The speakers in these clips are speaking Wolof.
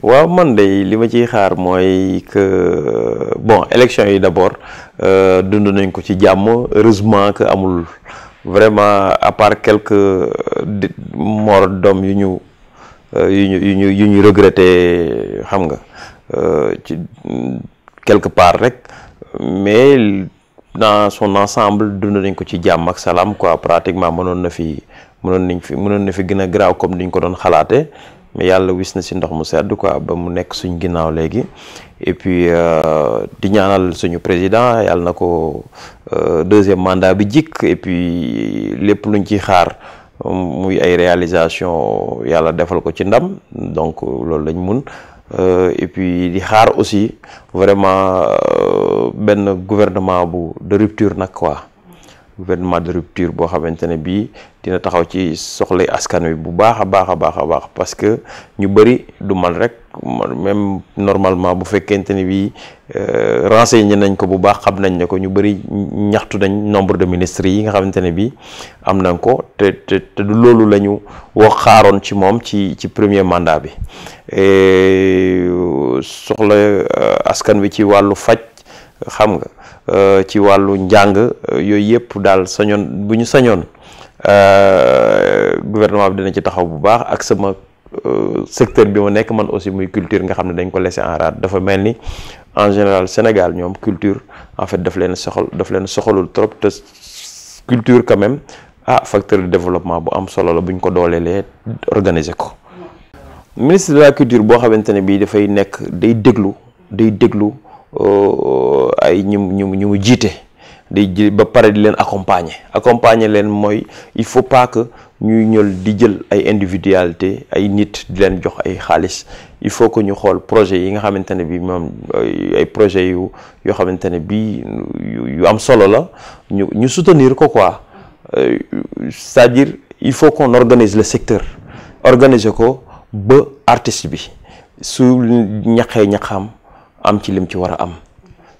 waaw man de li ma ciy xaar mooy que bon élection yi d'abord euh, dund nañ ko ci jàmm heureusement que amul vraiment à part quelques euh, morts d'hommes euh, yu ñu yu ñu yu ñu yu xam nga ci quelque part rek mais dans son ensemble dund nañ ko ci jàmm ak salaam quoi pratiquement mënoon na fi mënoon nañ fi mënoon na fi gën a graaw comme ñu ko doon xalaate mais yalla wis na ci ndox mu sedd quoi ba mu nekk suñ ginnaaw et puis euh, di ñaanal suñu président yalla nako euh deuxième mandat bi jik et puis lepp luñ ci xaar muy ay réalisation yalla defal ko ci ndam donc loolu lañ euh et puis di xaar aussi vraiment ben gouvernement bu de rupture nak quoi gouvernement de rupture boo xamante ne bii dina taxaw ci soxlay askan wi bu baax a baax a baax a baax parce que ñu bëri du mal rek même normalement bu fekkente ne bii euh, renseigné nañ ko bu baax xam nañ ne ko ñu bëri ñaxtu nañ nombre de ministres yi nga xamante ne bii am nañ ko te te te du loolu lañu wax xaaroon ci moom ci ci premier mandat bi euh, soxla euh, askan wi ci wàllu faj. xam nga euh, ci wàllu njàng euh, yooyu yëpp daal sañoon bu ñu sañoon euh, gouvernement bi dina ci taxaw bu baax ak sama secteur bi ma nekk man aussi muy culture nga xam ne dañ ko laisser en rade dafa mel ni en général Sénégal ñoom culture en fait daf leen soxal daf leen soxalul trop te culture quand même ah facteur de développement bu am solo la buñ ñu ko dooleelee organiser ko. ministre de la culture boo xamante ne bii dafay nekk day déglu day déglu. Oh, ay ñu ñu nous nous de di ba paré di leen accompagner accompagner leen moy il faut pas que ñuy nous di jël ay individualité ay nit di leen jox ay il faut que ñu xol projet yi nga projets bi mom ay projet yu yo nous bi soutenir ko quoi euh, c'est-à-dire il faut qu'on organise le secteur organiser ko ba artiste bi su ñaxé ñaxam am ci lim ci wara am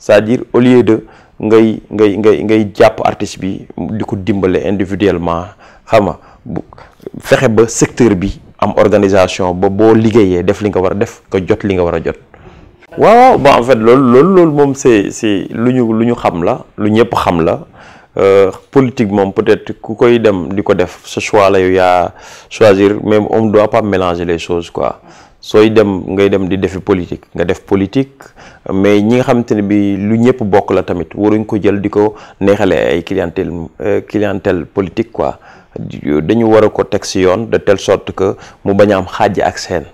c'est-à-dire au lieu de ngay ngay ngay ngay japp artiste bi diko dimbalé individuellement xama fexé ba secteur bi am organisation ba bo ligéyé def li nga wara def ko jot li nga wara jot waaw ba en fait lool lool mom c'est c'est luñu luñu xam la lu ñepp xam la Euh, politique moom peut-être ku koy dem di ko def ce choix la yow yaa choisir mais on ne doit pas mélanger les choses quoi sooy dem ngay dem di defi politique nga def politique mais ñi nga xamante ne bi lu ñëpp bokk la tamit waruñ ko jël di ko neexale ay clientèle euh, clientèle politique quoi dañu war a ko teg si yoon de telle sorte que mu bañ a am xaaj ak seen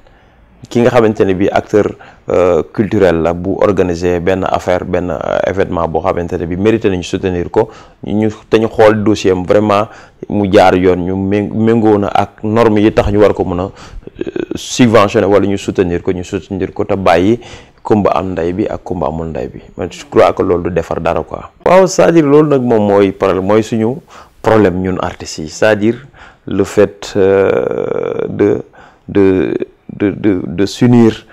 ki nga xamante ne bii acteur euh, culturel la bu organiser benn affaire benn euh, événement boo xamante ne bii mérité nañu soutenir ko ñu te ñu xool dossier vraiment mu jaar yoon ñu méngoo na ak normes yi tax ñu war ko mën a euh, subventionné wala ñu soutenir ko ñu soutenir ko te bàyyi kumba am ndey bi ak kumba amul ndey bi man je crois que loolu du defar dara quoi. waaw cest dire loolu nag moom mooy problème mooy suñu problème ñun artistes yi c'est-à-dire le fait de de. de, de, de s'unir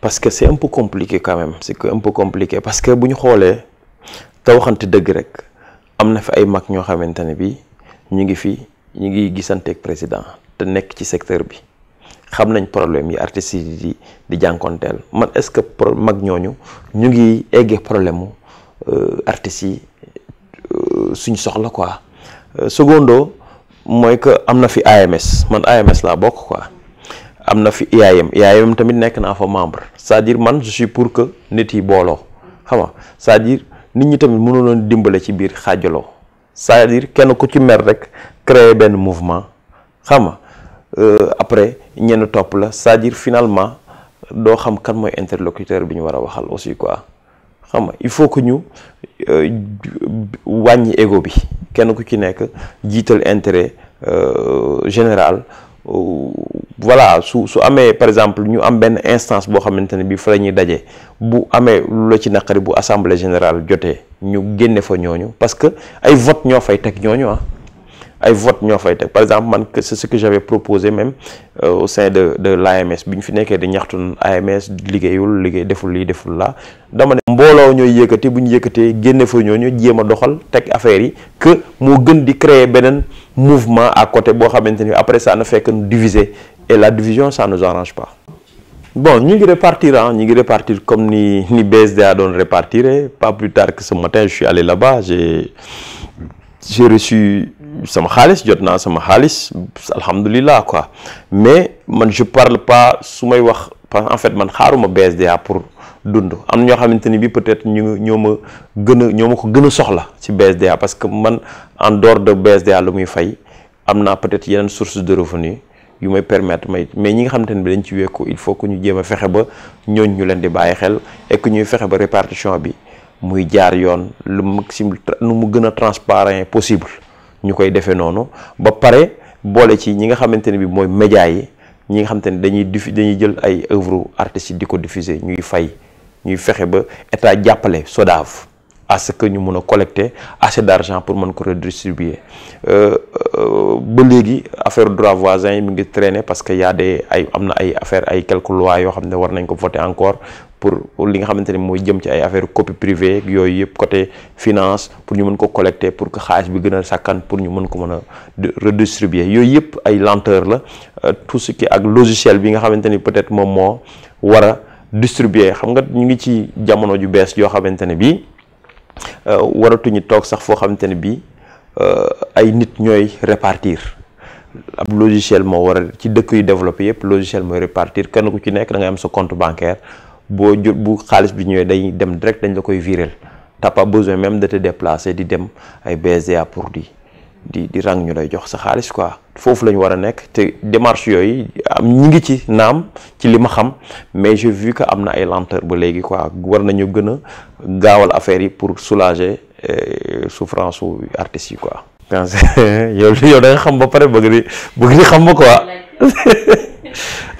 parce que c'est un peu compliqué quand même c'est que un peu compliqué parce que buñ xolé taw deug rek amna fi ay mag bi ñi ngi fi ñi ngi président ci secteur bi xam nañ problème yi artistes di di man est-ce que mag ñoñu ñu ngi problème euh, euh suñ soxla quoi euh, secondo moy que amna fi AMS man AMS la bokk quoi am na fi IAM IAM tamit nekk naa fa membre c'est-à-dire man je pour que nit yi booloo xam nga cest dire nit ñi tamit mënu leen dimbale ci biir xaajaloo cest dire kenn ku ci mer rek créer benn mouvement xam nga euh, après ñenn topp la cest dire finalement doo xam kan mooy interlocuteur bi ñu war a waxal aussi quoi xam nga il faut que ñu euh, wàññi égo bi kenn ku ci nekk jiital intérêt euh, général voilà su su amee par exemple ñu am ben instance bo xamante bi fa lañuy dajé bu amé lu ci nakari bu assemblée générale jotee ñu génne fa ñoñu parce que ay vote ño fay tek ñoñu ah ay vote ño fay tek par exemple man c'est ce que j'avais proposé même euh, au sein de de l'AMS bi fi nekké di ñaxtu AMS liggéeyul liggéey deful li deful la dama mbolo ñoy yëkkati bu ñu yëkkatee génne fa ñu jéma doxal tek affaire yi que mo gën di créer benen mouvement à côté bo xamanteni après ça na fait que nous diviser et la division ça nous arrange pas. bon ñu ngi repartir ah hein, ñu ngi repartir comme ni ni BSDA don répartir pas plus tard que ce matin je suis allé là-bas j'ai j'ai reçu sama xaalis jotna sama xaalis alhamdoulillah quoi mais man je parle pas sumay wax. parce que en fait man xaaruma BSDA pour dund am na ñoo xamante ni bi peut-être ñu ñoo ma gën a ñoo ma ko gën a soxla ci BSDA parce que man en dehors de BSDA lu muy fay am naa peut-être yeneen source de revenu yu may permettre may mais ñi nga xamante ne bi dañ ci wekku il faut que ñu jéem a fexe ba ñooñ ñu leen di bàyyi xel et ñuy fexe ba répartition bi muy jaar yoon lu maximum nu mu gën a transparent possible ñu koy defee noonu ba pare boole ci ñi nga xamante ne bi mooy média yi ñi nga xam ne dañuy diffu dañuy jël ay œuvre artistes yi di ko diffuser ñuy fay ñuy fexe ba état jàppale SODAV à ce que ñu mun a collecter assez d' argent pour mën ko redistribuer euh, euh, ba léegi affaire droit voisin yi mi ngi traîner parce que y a des ay am na ay affaire ay quelques lois yoo xam ne war nañ ko voter encore pour li nga xamanteni moy jëm ci ay affaire copie privée yoy yep côté finance pour ñu mën ko collecter pour que xaalis bi gën sakkan pour ñu mën ko mëna redistribuer yoy yep ay lenteur la euh, tout ce qui ak logiciel bi nga xamanteni peut-être moom moo war distribuer xam nga ñu ngi ci jamono ju bees yoo xamante ne bii euh, waratuñu tok sax fo xamanteni bi euh ay nit ñoy répartir ab logiciel mo wara ci dëkk yu développé yëpp logiciel mooy répartir kenn ku ci nekk da ngay am sa compte bancaire boo jot bu xaalis bi ñëwee day dem direct dañ la koy viréel t'as besoin même de te déplacer di dem ay BCA pour di di di rang ñu lay jox sa xaalis quoi foofu la ñu war a nekk te démarche yooyu am ñi ngi ci naam ci li ma xam mais j'ai vu que am na ay lenteur ba léegi quoi war nañu gën a gaawal affaire yi pour soulager euh, souffrance su artistes yi quoi. yow yow xam ba pare bëgg di xam ba quoi.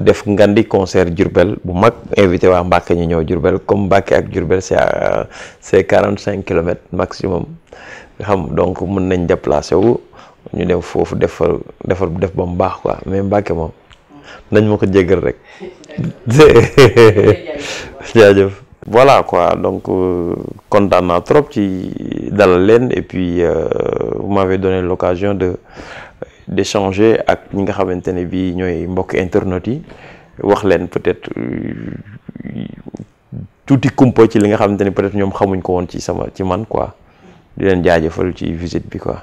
def ngandi concert djurbel bu mag invité wa Mbacke ñu ñëw djurbel comme Mbacke ak djurbel c'est c'est 45 km kilomètres maximum xam donc mën nañ déplacer wu ñu dem fofu defar defar def ba mu baax quoi mais Mbacke moom nañ mako ko rek jaajëf voilà quoi donc euh, kontaan naa trop ci dalal leen et puis euh, vous m'avez donné l'occasion de d'échanger ak ñi nga xamante ne bii ñooy mbokk internet yi wax leen peut-être euh, touti kumpa ci li nga xamante ne peut-être ñoom xamuñ ko woon ci sama ci man quoi di leen jaajëfal ci visite bi quoi.